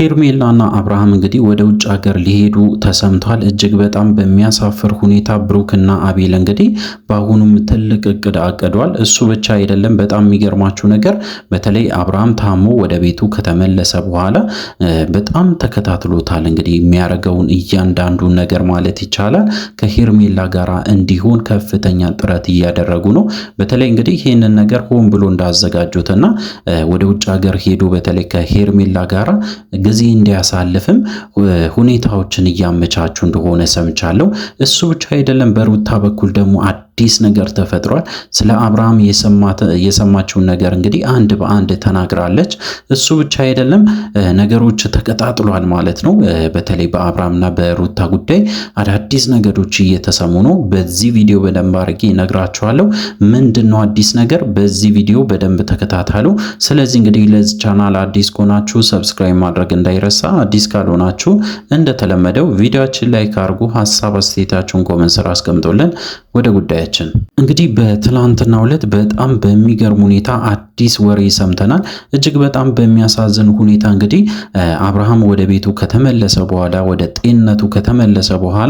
ሄርሜላና አብርሃም እንግዲህ ወደ ውጭ ሀገር ሊሄዱ ተሰምቷል። እጅግ በጣም በሚያሳፍር ሁኔታ ብሩክና አቤል እንግዲህ በአሁኑም ትልቅ እቅድ አቅዷል። እሱ ብቻ አይደለም። በጣም የሚገርማችሁ ነገር በተለይ አብርሃም ታሞ ወደ ቤቱ ከተመለሰ በኋላ በጣም ተከታትሎታል። እንግዲህ የሚያደርገውን እያንዳንዱን ነገር ማለት ይቻላል ከሄርሜላ ጋር እንዲሆን ከፍተኛ ጥረት እያደረጉ ነው። በተለይ እንግዲህ ይህንን ነገር ሆን ብሎ እንዳዘጋጁትና ወደ ውጭ ሀገር ሄዱ በተለይ ከሄርሜላ ጋራ እንደዚህ እንዲያሳልፍም ሁኔታዎችን እያመቻቹ እንደሆነ ሰምቻለሁ። እሱ ብቻ አይደለም፣ በሩታ በኩል ደግሞ አዲስ ነገር ተፈጥሯል። ስለ አብርሃም የሰማችውን ነገር እንግዲህ አንድ በአንድ ተናግራለች። እሱ ብቻ አይደለም ነገሮች ተቀጣጥሏል ማለት ነው። በተለይ በአብርሃምና በሩታ ጉዳይ አዳዲስ ነገሮች እየተሰሙ ነው። በዚህ ቪዲዮ በደንብ አድርጌ እነግራችኋለሁ። ምንድን ነው አዲስ ነገር? በዚህ ቪዲዮ በደንብ ተከታተሉ። ስለዚህ እንግዲህ ለዚህ ቻናል አዲስ ከሆናችሁ ሰብስክራይብ ማድረግ እንዳይረሳ፣ አዲስ ካልሆናችሁ እንደተለመደው ቪዲዮችን ላይክ አድርጉ። ሀሳብ አስተያየታችሁን ኮመንት ስራ አስቀምጦልን ወደ ጉዳያችን እንግዲህ በትላንትናው ዕለት በጣም በሚገርም ሁኔታ አዲስ ወሬ ሰምተናል። እጅግ በጣም በሚያሳዝን ሁኔታ እንግዲህ አብርሃም ወደ ቤቱ ከተመለሰ በኋላ ወደ ጤንነቱ ከተመለሰ በኋላ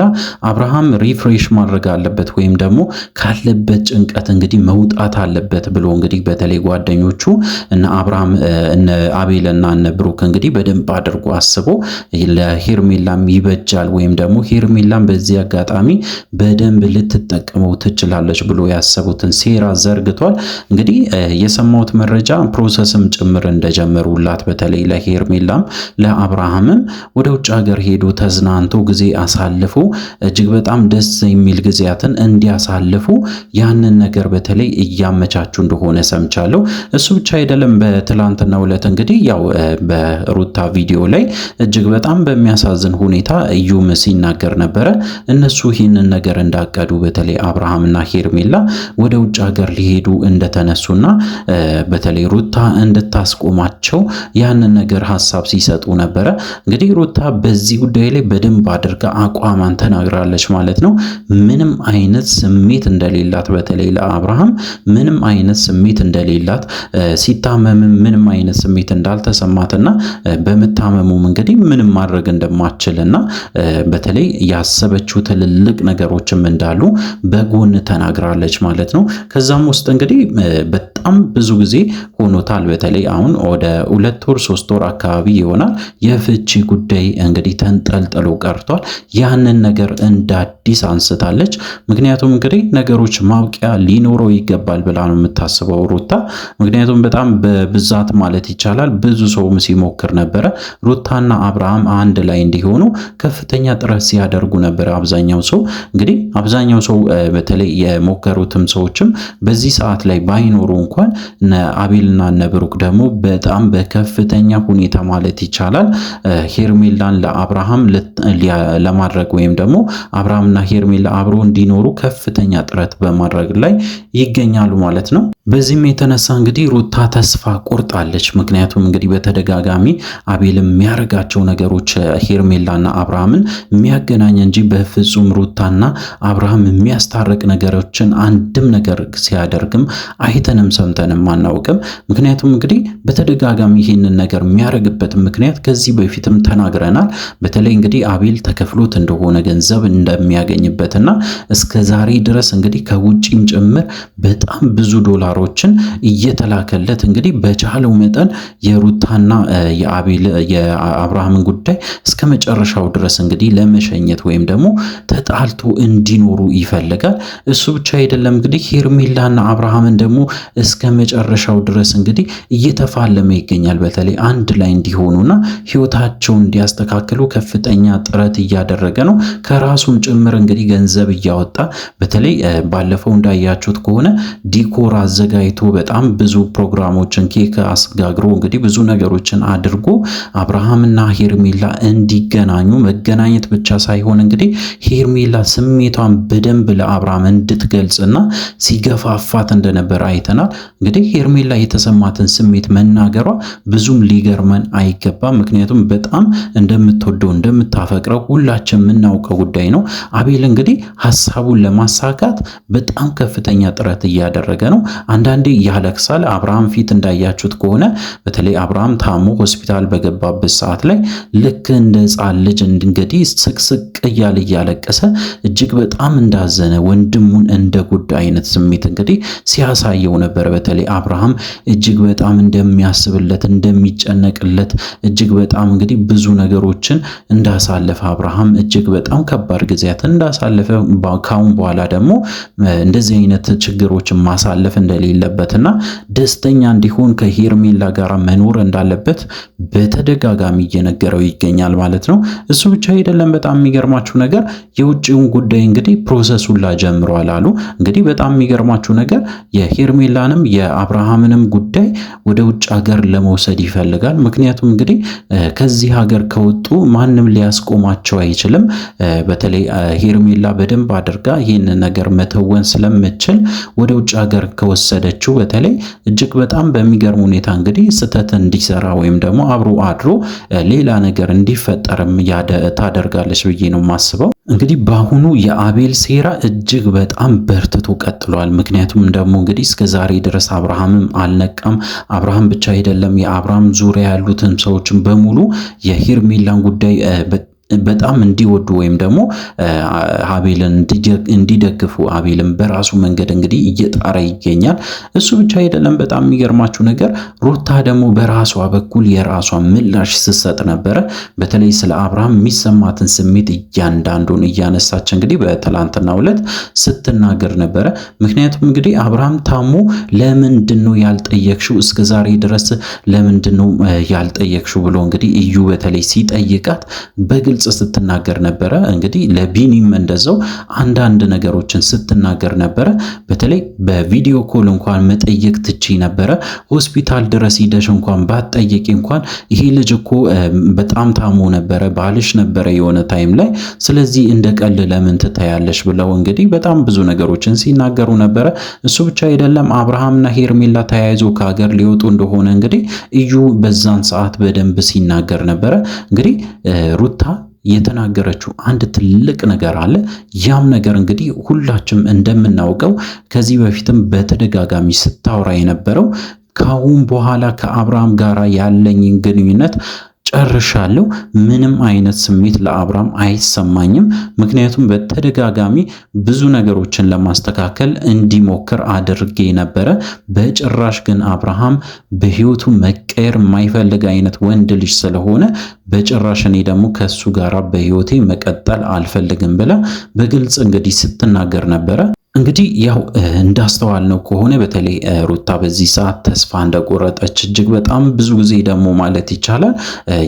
አብርሃም ሪፍሬሽ ማድረግ አለበት ወይም ደግሞ ካለበት ጭንቀት እንግዲህ መውጣት አለበት ብሎ እንግዲህ በተለይ ጓደኞቹ እነ አብርሃም እነ እና እነ ብሩክ እንግዲህ በደንብ አድርጎ አስቦ ለሄርሜላም ይበጃል ወይም ደግሞ ሄርሜላም በዚህ አጋጣሚ በደንብ ልትጠቀ ልትጠቀመው ትችላለች ብሎ ያሰቡትን ሴራ ዘርግቷል። እንግዲህ የሰማሁት መረጃ ፕሮሰስም ጭምር እንደጀመሩላት በተለይ ለሄርሜላም ለአብርሃምም ወደ ውጭ ሀገር ሄዶ ተዝናንቶ ጊዜ አሳልፎ እጅግ በጣም ደስ የሚል ጊዜያትን እንዲያሳልፉ ያንን ነገር በተለይ እያመቻቹ እንደሆነ ሰምቻለሁ። እሱ ብቻ አይደለም። በትላንትና ዕለት እንግዲህ ያው በሩታ ቪዲዮ ላይ እጅግ በጣም በሚያሳዝን ሁኔታ እዩም ሲናገር ነበረ። እነሱ ይህንን ነገር እንዳቀዱ በተለይ አብርሃምና ሄርሜላ ወደ ውጭ ሀገር ሊሄዱ እንደተነሱና በተለይ ሩታ እንድታስቆማቸው ያንን ነገር ሀሳብ ሲሰጡ ነበረ። እንግዲህ ሩታ በዚህ ጉዳይ ላይ በደንብ አድርጋ አቋማን ተናግራለች ማለት ነው። ምንም አይነት ስሜት እንደሌላት በተለይ ለአብርሃም ምንም አይነት ስሜት እንደሌላት ሲታመምም ምንም አይነት ስሜት እንዳልተሰማትና በምታመሙም እንግዲህ ምንም ማድረግ እንደማትችልና በተለይ ያሰበችው ትልልቅ ነገሮችም እንዳሉ በጎን ተናግራለች ማለት ነው። ከዛም ውስጥ እንግዲህ በጣም ብዙ ጊዜ ሆኖታል። በተለይ አሁን ወደ ሁለት ወር ሶስት ወር አካባቢ ይሆናል የፍቺ ጉዳይ እንግዲህ ተንጠልጥሎ ቀርቷል። ያንን ነገር እንደ አዲስ አንስታለች። ምክንያቱም እንግዲህ ነገሮች ማብቂያ ሊኖረው ይገባል ብላ ነው የምታስበው ሩታ። ምክንያቱም በጣም በብዛት ማለት ይቻላል ብዙ ሰውም ሲሞክር ነበረ ሩታና አብርሃም አንድ ላይ እንዲሆኑ ከፍተኛ ጥረት ሲያደርጉ ነበረ። አብዛኛው ሰው እንግዲህ አብዛኛው ሰው በተለይ የሞከሩትም ሰዎችም በዚህ ሰዓት ላይ ባይኖሩ እንኳን አቤልና ነብሩክ ደግሞ በጣም በከፍተኛ ሁኔታ ማለት ይቻላል ሄርሜላን ለአብርሃም ለማድረግ ወይም ደግሞ አብርሃምና ሄርሜላ አብሮ እንዲኖሩ ከፍተኛ ጥረት በማድረግ ላይ ይገኛሉ ማለት ነው። በዚህም የተነሳ እንግዲህ ሩታ ተስፋ ቆርጣለች። ምክንያቱም እንግዲህ በተደጋጋሚ አቤል የሚያደርጋቸው ነገሮች ሄርሜላና አብርሃምን የሚያገናኝ እንጂ በፍጹም ሩታና አብርሃም የሚያስታርቅ ነገሮችን አንድም ነገር ሲያደርግም አይተንም ሰምተንም አናውቅም። ምክንያቱም እንግዲህ በተደጋጋሚ ይህንን ነገር የሚያደርግበት ምክንያት ከዚህ በፊትም ተናግረናል። በተለይ እንግዲህ አቤል ተከፍሎት እንደሆነ ገንዘብ እንደሚያገኝበትና እስከ ዛሬ ድረስ እንግዲህ ከውጭም ጭምር በጣም ብዙ ዶላር ተግባሮችን እየተላከለት እንግዲህ በቻለው መጠን የሩታና የአብርሃምን ጉዳይ እስከ መጨረሻው ድረስ እንግዲህ ለመሸኘት ወይም ደግሞ ተጣልቶ እንዲኖሩ ይፈልጋል። እሱ ብቻ አይደለም እንግዲህ ሄርሜላና አብርሃምን ደግሞ እስከ መጨረሻው ድረስ እንግዲህ እየተፋለመ ይገኛል። በተለይ አንድ ላይ እንዲሆኑና ህይወታቸውን እንዲያስተካክሉ ከፍተኛ ጥረት እያደረገ ነው። ከራሱም ጭምር እንግዲህ ገንዘብ እያወጣ በተለይ ባለፈው እንዳያችሁት ከሆነ ዲኮር አዘ አዘጋጅቶ በጣም ብዙ ፕሮግራሞችን ኬክ አስጋግሮ እንግዲህ ብዙ ነገሮችን አድርጎ አብርሃምና ሄርሜላ እንዲገናኙ መገናኘት ብቻ ሳይሆን እንግዲህ ሄርሜላ ስሜቷን በደንብ ለአብርሃም እንድትገልጽና ሲገፋፋት እንደነበር አይተናል። እንግዲህ ሄርሜላ የተሰማትን ስሜት መናገሯ ብዙም ሊገርመን አይገባም። ምክንያቱም በጣም እንደምትወደው እንደምታፈቅረው ሁላችን የምናውቀው ጉዳይ ነው። አቤል እንግዲህ ሀሳቡን ለማሳካት በጣም ከፍተኛ ጥረት እያደረገ ነው። አንዳንዴ ያለቅሳል። አብርሃም ፊት እንዳያችሁት ከሆነ በተለይ አብርሃም ታሞ ሆስፒታል በገባበት ሰዓት ላይ ልክ እንደ ሕፃን ልጅ እንግዲህ ስቅስቅ እያለ እያለቀሰ እጅግ በጣም እንዳዘነ ወንድሙን ጉድ አይነት ስሜት እንግዲህ ሲያሳየው ነበር። በተለይ አብርሃም እጅግ በጣም እንደሚያስብለት እንደሚጨነቅለት እጅግ በጣም እንግዲህ ብዙ ነገሮችን እንዳሳለፈ አብርሃም እጅግ በጣም ከባድ ጊዜያትን እንዳሳለፈ ካሁን በኋላ ደግሞ እንደዚህ አይነት ችግሮችን ማሳለፍ እንደ እንደሌለበትና ደስተኛ እንዲሆን ከሄርሜላ ጋር መኖር እንዳለበት በተደጋጋሚ እየነገረው ይገኛል ማለት ነው። እሱ ብቻ አይደለም። በጣም የሚገርማችሁ ነገር የውጭውን ጉዳይ እንግዲህ ፕሮሰሱን ላጀምሯል አሉ። እንግዲህ በጣም የሚገርማችሁ ነገር የሄርሜላንም የአብርሃምንም ጉዳይ ወደ ውጭ ሀገር ለመውሰድ ይፈልጋል። ምክንያቱም እንግዲህ ከዚህ ሀገር ከወጡ ማንም ሊያስቆማቸው አይችልም። በተለይ ሄርሜላ በደንብ አድርጋ ይህን ነገር መተወን ስለምችል ወደ ውጭ ሀገር ከወሰ የወሰደችው በተለይ እጅግ በጣም በሚገርም ሁኔታ እንግዲህ ስህተት እንዲሰራ ወይም ደግሞ አብሮ አድሮ ሌላ ነገር እንዲፈጠርም ታደርጋለች ብዬ ነው የማስበው። እንግዲህ በአሁኑ የአቤል ሴራ እጅግ በጣም በርትቶ ቀጥሏል። ምክንያቱም ደግሞ እንግዲህ እስከ ዛሬ ድረስ አብርሃምም አልነቃም። አብርሃም ብቻ አይደለም፣ የአብርሃም ዙሪያ ያሉትን ሰዎችን በሙሉ የሄርሜላን ጉዳይ በጣም እንዲወዱ ወይም ደግሞ አቤልን እንዲደግፉ አቤልን በራሱ መንገድ እንግዲህ እየጣረ ይገኛል። እሱ ብቻ አይደለም። በጣም የሚገርማችሁ ነገር ሩታ ደግሞ በራሷ በኩል የራሷ ምላሽ ስትሰጥ ነበረ። በተለይ ስለ አብርሃም የሚሰማትን ስሜት እያንዳንዱን እያነሳች እንግዲህ በትላንትናው ዕለት ስትናገር ነበረ። ምክንያቱም እንግዲህ አብርሃም ታሞ ለምንድን ነው ያልጠየቅሽው? እስከ ዛሬ ድረስ ለምንድን ነው ያልጠየቅሽው? ብሎ እንግዲህ እዩ በተለይ ሲጠይቃት በግል በግልጽ ስትናገር ነበረ። እንግዲህ ለቢኒም እንደዛው አንዳንድ ነገሮችን ስትናገር ነበረ። በተለይ በቪዲዮ ኮል እንኳን መጠየቅ ትቺ ነበረ። ሆስፒታል ድረስ ሂደሽ እንኳን ባትጠየቂ እንኳን ይሄ ልጅ እኮ በጣም ታሞ ነበረ፣ ባልሽ ነበረ የሆነ ታይም ላይ ስለዚህ እንደ ቀል ለምን ትታያለሽ ብለው እንግዲህ በጣም ብዙ ነገሮችን ሲናገሩ ነበረ። እሱ ብቻ አይደለም አብርሃምና ሄርሜላ ተያይዞ ከሀገር ሊወጡ እንደሆነ እንግዲህ እዩ በዛን ሰዓት በደንብ ሲናገር ነበረ። እንግዲህ ሩታ የተናገረችው አንድ ትልቅ ነገር አለ። ያም ነገር እንግዲህ ሁላችም እንደምናውቀው ከዚህ በፊትም በተደጋጋሚ ስታወራ የነበረው ከአሁን በኋላ ከአብርሃም ጋር ያለኝን ግንኙነት ጨርሻለሁ። ምንም አይነት ስሜት ለአብራም አይሰማኝም። ምክንያቱም በተደጋጋሚ ብዙ ነገሮችን ለማስተካከል እንዲሞክር አድርጌ ነበረ። በጭራሽ ግን አብርሃም በህይወቱ መቀየር የማይፈልግ አይነት ወንድ ልጅ ስለሆነ በጭራሽ እኔ ደግሞ ከሱ ጋር በህይወቴ መቀጠል አልፈልግም ብላ በግልጽ እንግዲህ ስትናገር ነበረ። እንግዲህ ያው እንዳስተዋልነው ከሆነ በተለይ ሩታ በዚህ ሰዓት ተስፋ እንደቆረጠች እጅግ በጣም ብዙ ጊዜ ደግሞ ማለት ይቻላል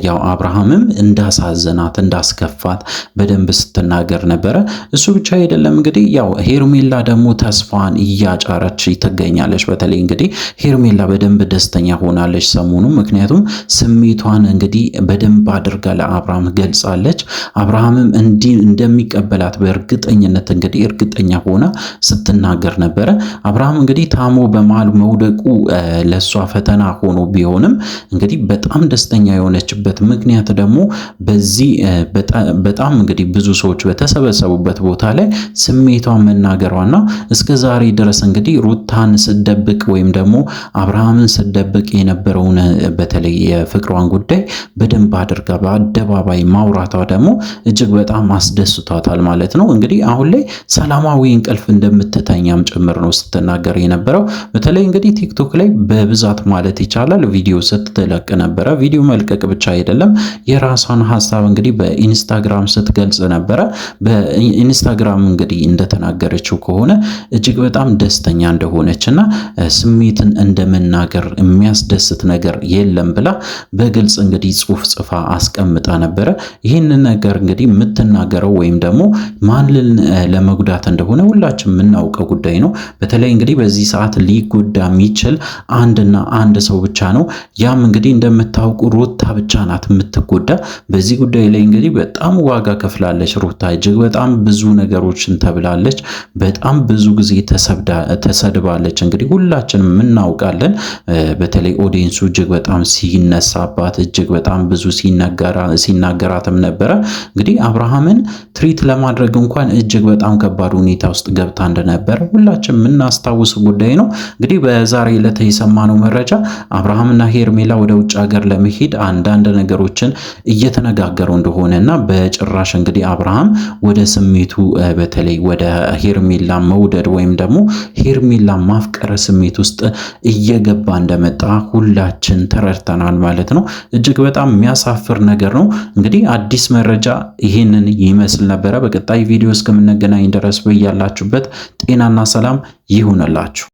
ያው አብርሃምም እንዳሳዘናት እንዳስከፋት በደንብ ስትናገር ነበረ። እሱ ብቻ አይደለም እንግዲህ ያው ሄርሜላ ደግሞ ተስፋን እያጫረች ትገኛለች። በተለይ እንግዲህ ሄርሜላ በደንብ ደስተኛ ሆናለች ሰሞኑ። ምክንያቱም ስሜቷን እንግዲህ በደንብ አድርጋ ለአብርሃም ገልጻለች። አብርሃምም እንደሚቀበላት በእርግጠኝነት እንግዲህ እርግጠኛ ሆና ስትናገር ነበረ። አብርሃም እንግዲህ ታሞ በመሃል መውደቁ ለእሷ ፈተና ሆኖ ቢሆንም እንግዲህ በጣም ደስተኛ የሆነችበት ምክንያት ደግሞ በዚህ በጣም እንግዲህ ብዙ ሰዎች በተሰበሰቡበት ቦታ ላይ ስሜቷን መናገሯና እስከ ዛሬ ድረስ እንግዲህ ሩታን ስደብቅ ወይም ደግሞ አብርሃምን ስደብቅ የነበረውን በተለይ የፍቅሯን ጉዳይ በደንብ አድርጋ በአደባባይ ማውራቷ ደግሞ እጅግ በጣም አስደስቷታል ማለት ነው። እንግዲህ አሁን ላይ ሰላማዊ እንቅልፍ እንደምትተኛም ጭምር ነው ስትናገር የነበረው። በተለይ እንግዲህ ቲክቶክ ላይ በብዛት ማለት ይቻላል ቪዲዮ ስትለቅ ነበረ። ቪዲዮ መልቀቅ ብቻ አይደለም የራሷን ሀሳብ እንግዲህ በኢንስታግራም ስትገልጽ ነበረ። በኢንስታግራም እንግዲህ እንደተናገረችው ከሆነ እጅግ በጣም ደስተኛ እንደሆነች እና ስሜትን እንደመናገር የሚያስደስት ነገር የለም ብላ በግልጽ እንግዲህ ጽሑፍ ጽፋ አስቀምጣ ነበረ። ይህንን ነገር እንግዲህ የምትናገረው ወይም ደግሞ ማንን ለመጉዳት እንደሆነ ሁላችን የምናውቀው ጉዳይ ነው። በተለይ እንግዲህ በዚህ ሰዓት ሊጎዳ የሚችል አንድና አንድ ሰው ብቻ ነው። ያም እንግዲህ እንደምታውቁ ሩታ ብቻ ናት የምትጎዳ። በዚህ ጉዳይ ላይ እንግዲህ በጣም ዋጋ ከፍላለች ሩታ። እጅግ በጣም ብዙ ነገሮችን ተብላለች። በጣም ብዙ ጊዜ ተሰድባለች። እንግዲህ ሁላችንም እናውቃለን። በተለይ ኦዲየንሱ እጅግ በጣም ሲነሳባት፣ እጅግ በጣም ብዙ ሲናገራትም ነበረ። እንግዲህ አብርሃምን ትሪት ለማድረግ እንኳን እጅግ በጣም ከባድ ሁኔታ ውስጥ ገብታ እንደነበረ ሁላችን የምናስታውስ ጉዳይ ነው። እንግዲህ በዛሬ ዕለት የሰማነው መረጃ አብርሃምና ሄርሜላ ወደ ውጭ ሀገር ለመሄድ አንዳንድ ነገሮችን እየተነጋገሩ እንደሆነ እና በጭራሽ እንግዲህ አብርሃም ወደ ስሜቱ በተለይ ወደ ሄርሜላ መውደድ ወይም ደግሞ ሄርሜላ ማፍቀር ስሜት ውስጥ እየገባ እንደመጣ ሁላችን ተረድተናል ማለት ነው። እጅግ በጣም የሚያሳፍር ነገር ነው። እንግዲህ አዲስ መረጃ ይህንን ይመስል ነበረ። በቀጣይ ቪዲዮ እስከምንገናኝ ድረስ በያላችሁበት ጤናና ሰላም ይሁንላችሁ።